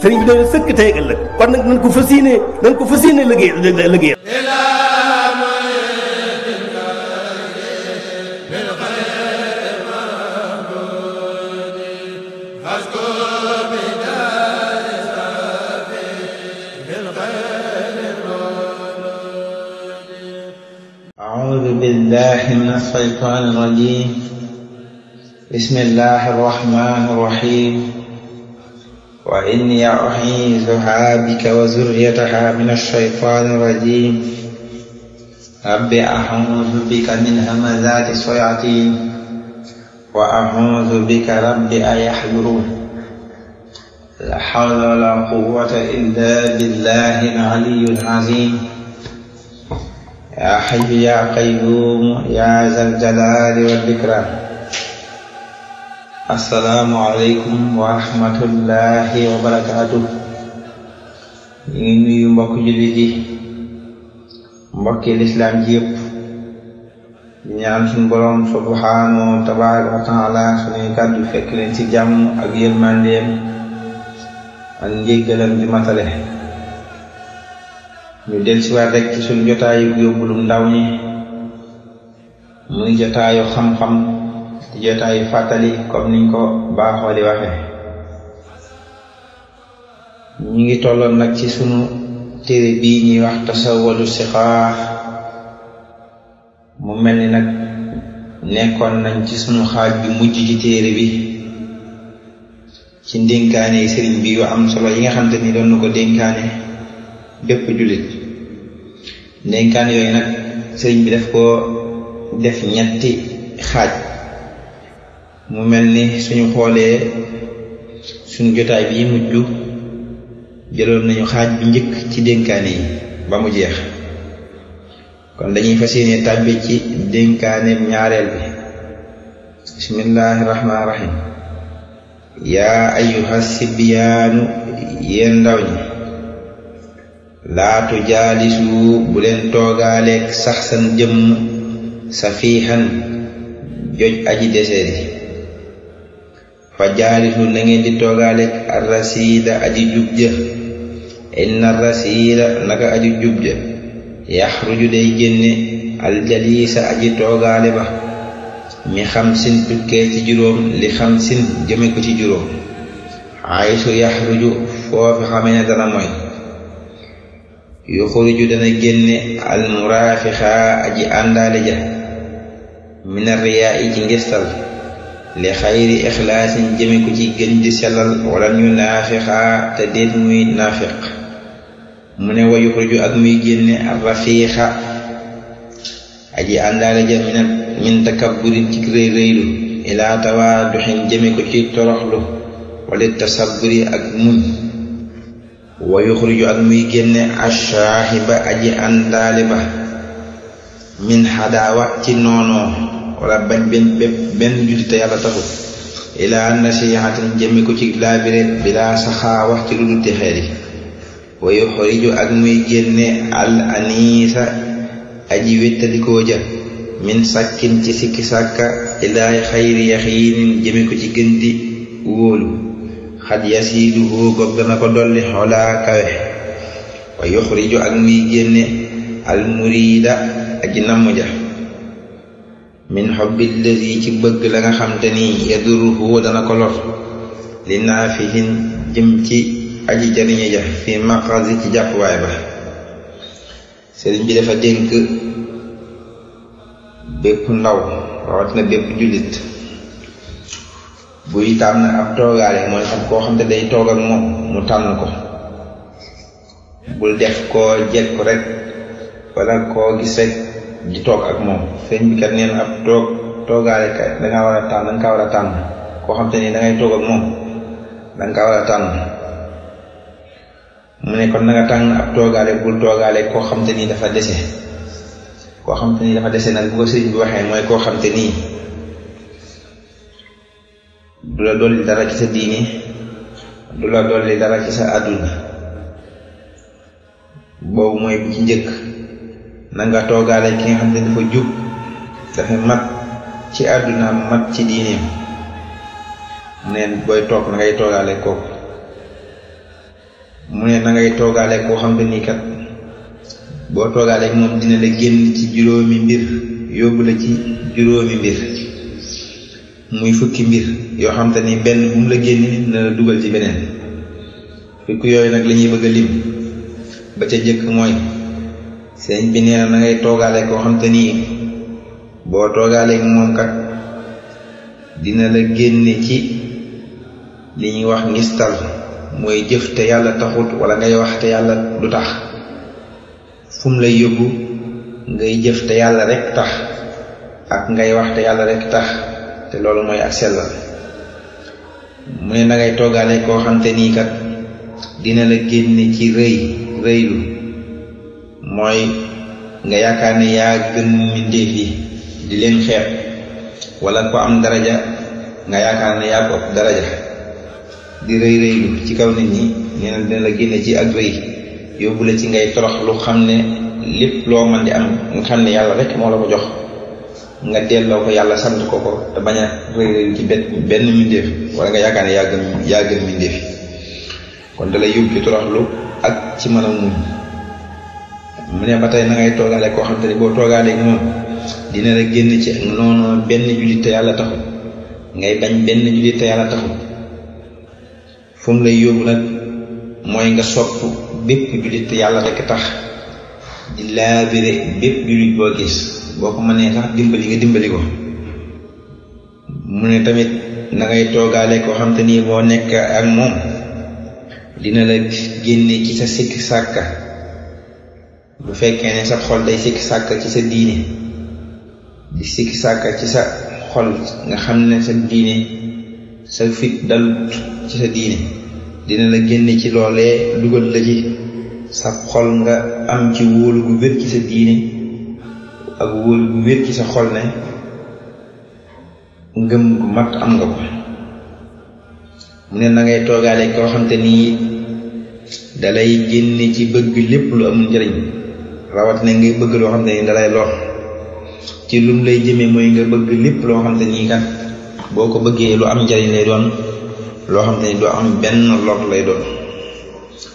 sëriñ bi dañu sëkk tey ak ëllëg kon nag nañ ko fas yéene nañ ko fas yéene liggéey liggéeyal بالله من الشيطان الرجيم بسم الله الرحمن الرحيم وإني أعيذها بك وذريتها من الشيطان الرجيم رب أعوذ بك من همزات الشياطين وأعوذ بك رب أن يحضرون لا حول ولا قوة إلا بالله العلي العظيم يا حي يا قيوم يا ذا الجلال والإكرام asalaamualeykum wa rahmatullahi wa barakaatu. ñu ngi nuyu yi mbokki lislaam ji yëpp di borom subhaanahu tabaaraka wa taala suñuy kàddu fekk leen ci jàmm ak yërmandeem ak njéggalam di matale ñu del si waat rek ci jotaayu yóbbulum ndaw ñi muy jotaayu xam-xam jotaayu fàttali comme niñ ko baaxoo di waxe ñu ngi tolloon nag ci sunu téere bii ñuy wax tasawwalu sixaax mu mel ni nag nekkoon nañ ci sunu xaaj bi mujj ci téere bi ci ndénkaane sëriñ bi yu am solo yi nga xam te ni doon na ko dénkaane bépp jullit ndénkaane yooyu nag sëriñ bi daf ko def ñetti xaaj mu mel ni suñu xoolee suñu jotaay bii mujj jëloo nañu xaaj bi njëkk ci dénkaane ba mu jeex kon dañuy fas yéene tàbbi ci dénkaaneem ñaareel bi bismillahi rahmaani rahim yaa ayyuha sibyaanu yéen ndaw ñi laatu jaalisu bu leen toogaaleeg sax san jëmm safiihan joj aji deseedi fa jaalisu na di toogaale arrasida aji jub ja inna arrasida naka aji jub ja yaxruju day génne aljalisa aji toogaale ba mi xamsin tukkee ci juróom li xamsin jëme ko ci juróom aysu yaxruju foofu xamee ne dana mooy yuxruju dana génne almuraafixa aji àndaale ja mina riyaa yi ci ngistal li xayri ixlaasin jëme ko ci gën di sellal wala ñu naafiqaa te déet muy naafiq mu ne wa yuxriju ak muy génne arrafiixa aji àndaale ja min min takabburin ci ilaa tawaaduxin jëme ko ci toroxlu wala tasabburi ak muñ wa yuxriju ak muy génne ashaahiba aji àndaale ba min xadaawa ci noonoo wala bañ benn bépp benn jullit ilaa nasihatin jëmi ko ci laabireet bilaa saxaa wax lu dul wa yuxriju ak muy génne al aniisa aji wéttalikoo ja min sàkkin ci sikki sàkka ilaay xayri yaxiinin jëmi ci gën di wóolu xat yasiiduhu gob dana ko dolli xolaa kawe wa yuxriju ak muy génne al muriida aji namm ja min xobbi ladi ci bëgg la nga xam te ni yaduruhu dana ko lor li naafihin jëm ci aji jariñu ja fi maqazi ci jàppuwaay ba sëriñ bi dafa dénk bépp ndaw rawatina bépp jullit buy tànn ab toogaale mooy xam koo xam te day toog ak mu tànn ko bul def koo jekku rek wala koo gis rek di toog ak moom sëñ bi kat nee ab toog toogaale kay da war a tànn da nga war a tànn koo xam te ni da toog ak moom da nga war a tànn mu ne kon na nga tànn ab toogaale bul toogaale koo xam te ni dafa dese koo xam te ni dafa dese nag bu ko sëñ mooy koo xam te du la dolli dara ci sa du la dolli dara ci sa àdduna boobu mooy bi ci njëkk na nga toogaale ki nga xam ne dafa jub dafa mat ci àdduna mat ci diineem neen booy toog na ngay toogaale kooku mu ne nangay ngay koo xam ne nii kat boo toogaale moom dina la génn ci juróomi mbir yóbbu la ci juróomi mbir muy fukki mbir yoo xam ni benn bu mu la génn dina dugal ci beneen fukki yooyu nag lañuy ñuy bëgg a lim ba ca njëkk mooy seen bi nee na ngay toogaale koo xam nii boo toogaaleeg moom kat dina la génne ci li ñuy wax ngistal mooy jëf te yàlla taxut walla ngay wax te yàlla du tax fum lay yóbbu ngay jëf te yàlla rek tax ak ngay wax te yàlla rek tax te loolu mooy ak sellal mu ne na ngay toogaale koo xam te nii kat dina la génne ci rëy rëylu mooy nga yaakaar ne yaa gën mbindéef di leen xeeb wala ko am daraja nga yaakaar ne yaa ko daraja di réy rëylu ci kaw nit ñi nee na dina la génne ci ak rëy yóbbu la ci ngay torox lu xam ne lépp loo mën di am nga xam ne yàlla rek moo la ko jox nga delloo ko yàlla sant ko ko te bañ a rëy rëylu ci benn benn mbindéef wala nga yaakaar ne yaa gën yaa gën mbindéef yi kon da lay toroxlu ak ci mën a muñ mu ne ba tey na ngay toogaale koo xam boo toogaale moom dina la génn ci noonu benn jullit te yàlla taxul ngay bañ benn jullit te yàlla taxul fu lay yóbbu nag mooy nga sopp bépp jullit te yàlla rekk tax di laabire bépp jullit boo gis boo ko mënee sax dimbali nga dimbali ko mu ne tamit na ngay koo xam te ni boo nekk ak moom dina la génne ci sa sikk sàkka bu fekkee ne sa xol day sikki sàkk ci sa diine di sikki sàkk ci sa xol nga xam ne sa diine sa fit dalut ci sa diine dina la génne ci loolee dugal la ci sa xol nga am ci wóolu gu wér ci sa diine ak wóolu gu wér ci sa xol ne ngëm gu mat am nga ko mu ne na ngay toogaale koo xam te nii dalay génne ci bëgg lépp lu am njëriñ rawatina ngay bëgg loo xam ne ni dalay lor ci lum lay jëmee mooy nga bëgg lépp loo xam te nii kat boo ko bëggee lu am njariñ lay doon loo xam ne ni doo am benn lor lay doon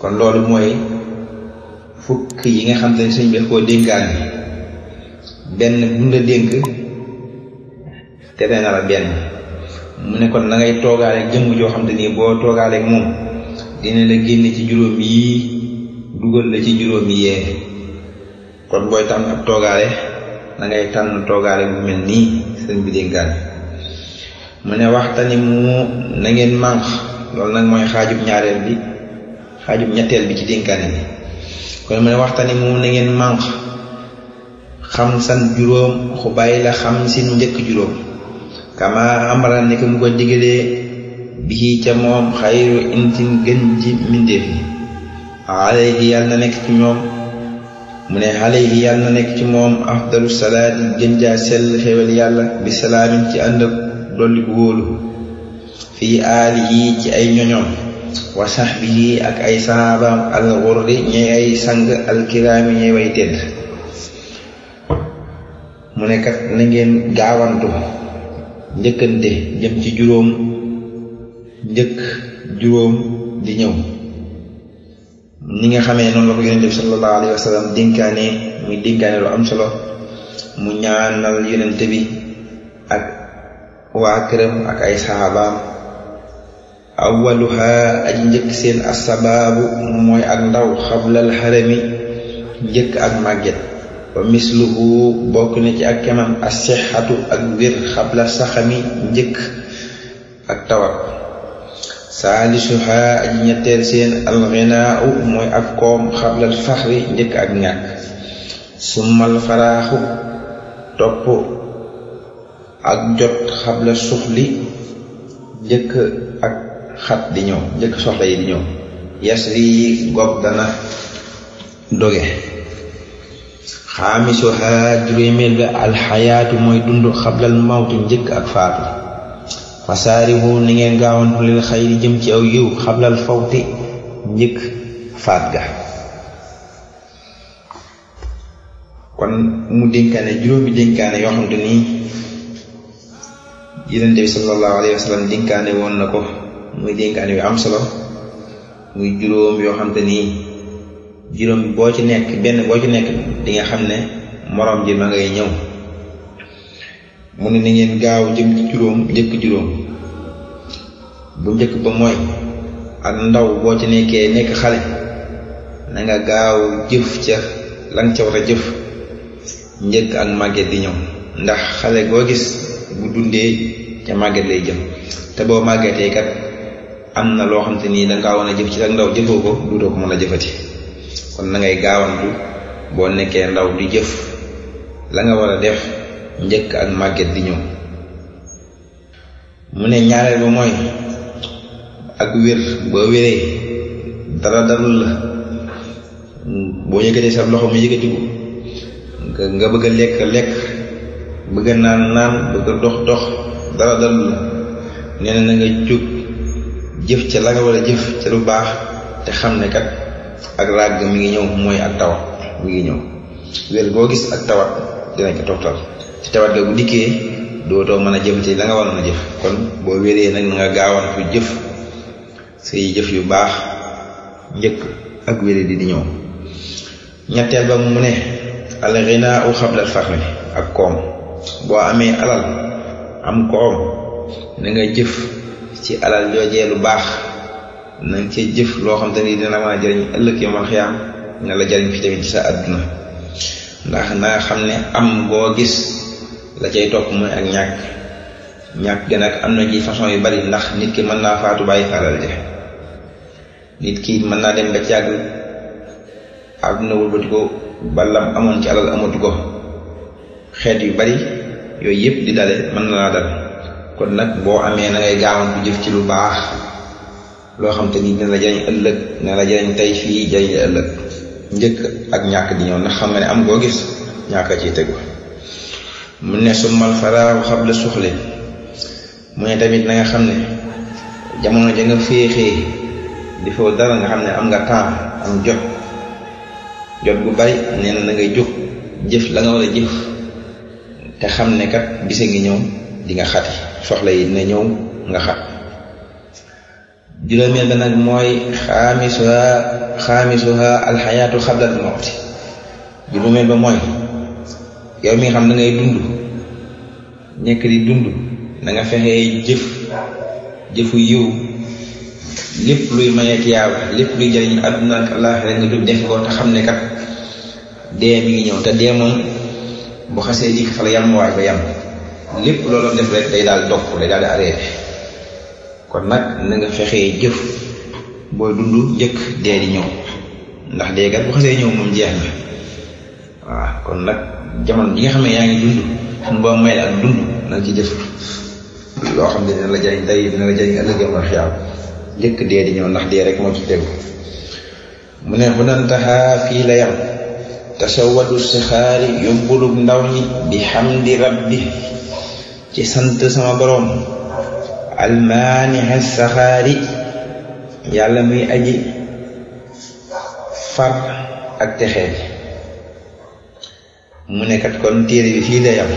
kon loolu mooy fukk yi nga xam te ni suñ bi koo dénkaan benn bu la dénk na la mu ne kon na ngay jëmm joo xam te nii boo toogaaleeg moom dina la génne ci juróom yi dugal la ci juróom yee kon booy tànn ab toogaale na ngay tànn bu mel nii sëñ bi dénkaan mu ne waxtani mu na ngeen mànq loolu nag mooy xaajub ñaareel bi xaajub ñetteel bi ci dénkaane bi kon mu ne waxtani mu na ngeen xam san juróom xubaay la xam si njëkk juróom kama amara ni ko mu ko digalee bii ca moom xayru intin gën ji mbindeef yi alayhi yàlla na nekk ci ñoom mu ne alayhi yàlla na nekk ci moom afdalu salaati gën jaa sell xewel yàlla bi salaamin ci ànd ak dolli bu wóolu fii aali yi ci ay ñoñoom wa saxbi yi ak ay saxaabaam al xurri ñay ay sang alkiraami ñay way tedd mu ne kat na ngeen gaawantu njëkkande jëm ci juróom njëkk juróom di ñëw ni nga xamee noonu la ko yonente bi sallallahu alayhi wa sallam dénkaane muy dénkaane lu am solo mu ñaanal yonente bi ak waa këram ak ay saxaabaam awaluha aji njëkk seen asabaabu mooy ak ndaw xablal xarami njëkk ak màgget wa misluhu bokk na ci ak kemam as sixatu ak wér xabla saxami njëkk ak tawat saalisuha aji ñetteel seen alxinaaw mooy ak koom xablal faxri njëkk ak ñàkk summal faraaxu topp ak jot xabla suxli njëkk ak xat di ñëw njëkk soxla yi yasri yi gob dana doge xaamisuha juróomeel bi mooy dund xablal mawtu njëkk ak faatu fasaaribu ni ngeen gaawantu lil xayri jëm ci aw yiw xablal fawti njëkk faat ga kon mu dénkaane juróomi dénkaane yoo xam te nii yonent bi sallallahu alayhi wa sallam woon na ko muy dénkaane yu am solo muy juróom yoo xam te nii juróom boo ci nekk benn boo ci nekk di nga xam ne moroom ji ma ngay ñëw mu ne na ngeen gaaw jëm juróom njëkk juróom bu njëkk ba mooy ak ndaw boo ci nekkee nekk xale na nga gaaw jëf ca lan ca war a jëf njëkk ak màgget di ñëw ndax xale boo gis bu dundee ca màgget lay jëm te boo màggetee kat am na loo xam te nii danga woon a jëf ci ak ndaw jëfoo ko duutoo ko mën a jëfati kon na ngay gaawantu boo nekkee ndaw di jëf la nga war a def njëkk ak màgget di ñëw mu ne ñaareel ba mooy ak wér boo wéree dara darul la boo yëkkatee sa loxo mu yëkkatiku nga nga bëgg a lekk lekk bëgg a naan naan bëgg a dox dox dara darul la nee na na nga jóg jëf ca la nga war a jëf ca lu baax te xam ne kat ak ràgg mu ngi ñëw mooy ak tawat mu ngi ñëw wér boo gis ak tawat dina ca toftal ci tawat ga bu dikkee dootoo mën a jëm ci la nga waroon a jëf kon boo wéree nag na nga gaawan jëf si jëf yu baax njëkk ak wéré di di ñëw ñettee ba mu ne al ghinaa'u qabla ak koom boo amee alal am koom na jëf ci alal joojee lu baax na nga jëf loo xam te ni dina mën a jëriñ ëllëg yi man xiyaam na la jëriñ fi tamit ci sa àdduna ndax na xam ne am boo gis la cay topp mooy ak ñàkk ñàkk gi nag am na ci façon yu bari ndax nit ki mën naa faatu bàyyi faalal ja nit ki mën naa dem ba ci yàgg àdduna wëlbati ko ballam amoon ci alal amatu ko xeet yu bari yooyu yëpp di dale mën naa laa dal kon nag boo amee na ngay gaawan bu jëf ci lu baax loo xam te ni dina la jariñ ëllëg dina la jariñ tey fii jariñ la ëllëg njëkk ak ñàkk di ñëw ndax xam nga ne am goo gis ñàkk a ciy tegu mu ne summal faraaw xabla suxli mu ne tamit na xam ne jamono ja nga féexee di foo dara nga xam ne am nga temps am jot jot gu bari nee na na ngay jóg jëf la nga xam ne kat bise ngi ñëw di nga xati soxla yi dina ñëw nga xat juróomeel ba nag alxayaatu xablal mawti juróomeel ba mooy yow mi xam da ngay dund nekk di dund na nga fexee jëf jëfu yiw lépp luy maye tiyaaba lépp luy jëriñ àdduna ak àllaaxira nga du def ko te xam ne kat dee mi ngi ñëw te dee moom bu xasee dikk fa la yam waay ba yam lépp loolu def rek day daal topp day daal di kon nag nanga fexe fexee jëf booy dund jëkk dee di ñëw ndax dee kat bu xasee ñëw moom jeex na waaw kon nag jamono bi nga xam ne yaa ngi dund suñu boo may ak dund na ci jëf loo xam ne dina la jëriñ tey dina la jëriñ ëllëg yow xiyaam njëkk dee di ñëw ndax dee rek moo ci tegu mu ne xunantaha fii la yam tasawadu sixaari yóbbulub ndaw ñi bi xamdi rabbi ci sant sama boroom almaanixe saxaari yàlla muy aji far ak texe mu nekkat kon téere bi fii lay am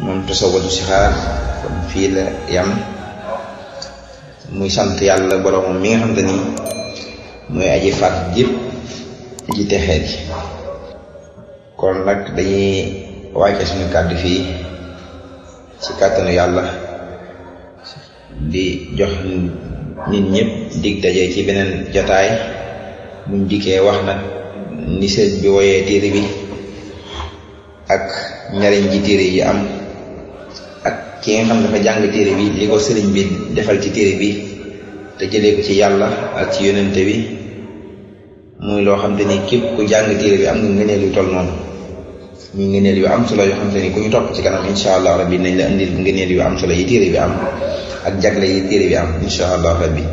moom tasawadu sixaar kon fii la yam muy sant yàlla boroomam mi nga xam te ni mooy aji faat jëpp ji texee ji kon nag dañuy wàcce suñu kàddu fii ci kàttanu yàlla di jox nit ñëpp dig daje ci beneen jotaay muñ dikkee wax nag ni sëñ bi woyee téere bi ak njariñ ji téere yi am ak ki nga xam dafa jàng téere bi li ko sëriñ bi defal ci téere bi te jële ko ci yàlla ak ci yonente bi muy loo xam te ni képp ku jàng téere bi am nga ngëneel yu toll noonu ñu ngëneel yu am solo yoo xam te ni ku ñu topp ci kanam incha allah rabbi nañ la indil ngëneel yu am solo yi téere bi am ak jagle yi téere bi am incha allah rabbi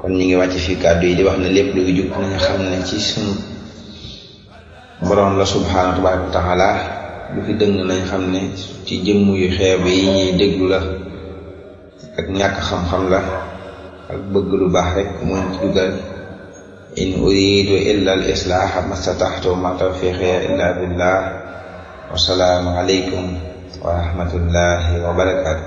kon ñu ngi wàcc fii kàddu yi di wax na lépp lu jug nañu xam ne ci sunu borom la subhaanahu tabaaraka wa taala bu fi dëng nañ xam ne ci jëmm yu xeebe yi ñuy déglu la ak ñàkk xam-xam la ak bëgg lu baax rek mooñ ci in uridu illa al islaaha mastataxtu ma tawfiqiya illa billah wasalaamu aleykum wa rahmatullahi wa barakaatu